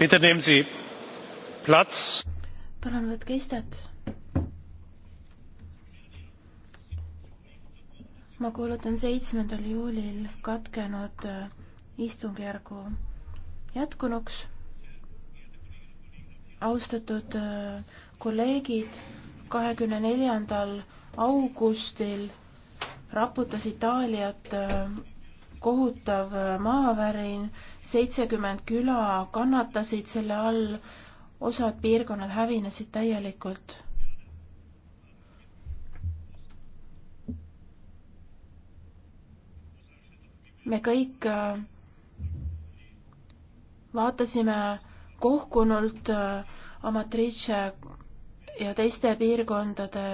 Bitte nehmen Sie Platz. palun võtke istet. ma kuulutan seitsmendal juulil katkenud äh, istungjärgu jätkunuks. austatud äh, kolleegid, kahekümne neljandal augustil raputas Itaaliat äh, kohutav maavärin, seitsekümmend küla kannatasid selle all, osad piirkonnad hävinesid täielikult. me kõik äh, vaatasime kohkunult äh, Amatrice ja teiste piirkondade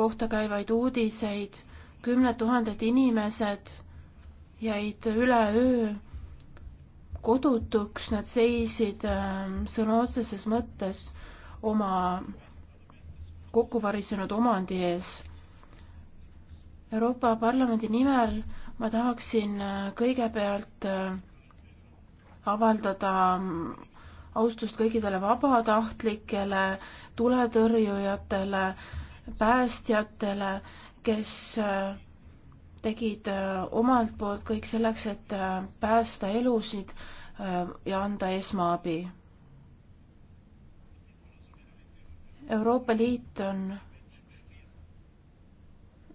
kohta käivaid uudiseid, kümned tuhanded inimesed jäid üleöö kodutuks, nad seisid ähm, sõna otseses mõttes oma kokkuvarisenud omandi ees. Euroopa Parlamendi nimel ma tahaksin äh, kõigepealt äh, avaldada mm, austust kõikidele vabatahtlikele, tuletõrjujatele, päästjatele, kes äh, tegid äh, omalt poolt kõik selleks, et äh, päästa elusid äh, ja anda esmaabi. Euroopa Liit on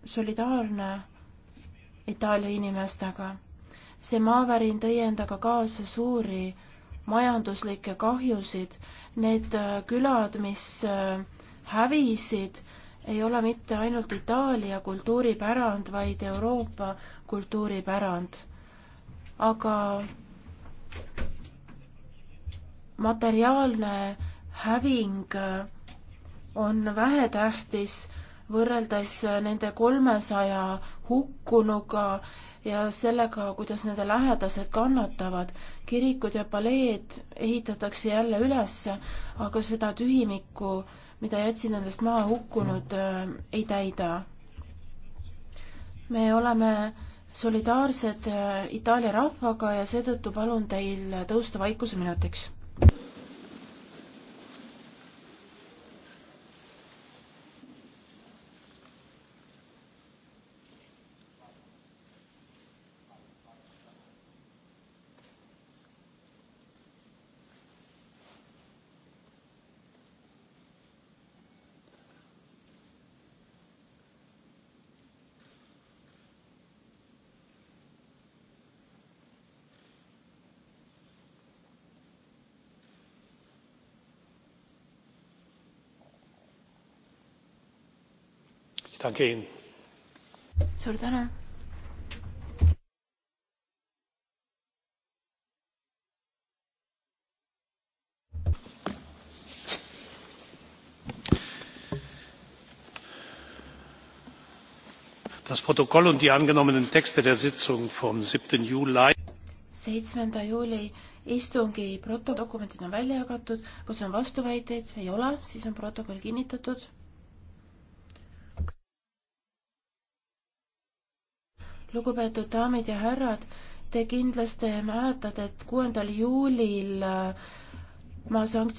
solidaarne Itaalia inimestega. see maavärin tõi endaga kaasa suuri majanduslikke kahjusid. Need külad, mis hävisid, ei ole mitte ainult Itaalia kultuuripärand, vaid Euroopa kultuuripärand. aga materiaalne häving on vähetähtis võrreldes nende kolmesaja hukkunuga ja sellega, kuidas nende lähedased kannatavad. kirikud ja paleed ehitatakse jälle üles, aga seda tühimikku mida jätsid nendest maha hukkunud, äh, ei täida. me oleme solidaarsed äh, Itaalia rahvaga ja seetõttu palun teil tõusta vaikuse minutiks suur tänu. das protokoll und die angenommenen texte der sitzung vom. seitsmenda juuli istungi protokolldokumendid on välja jagatud, kas on vastuväiteid, ei ole, siis on protokoll kinnitatud lugupeetud daamid ja härrad, te kindlasti mäletate, et kuuendal juulil äh, ma sanktsioon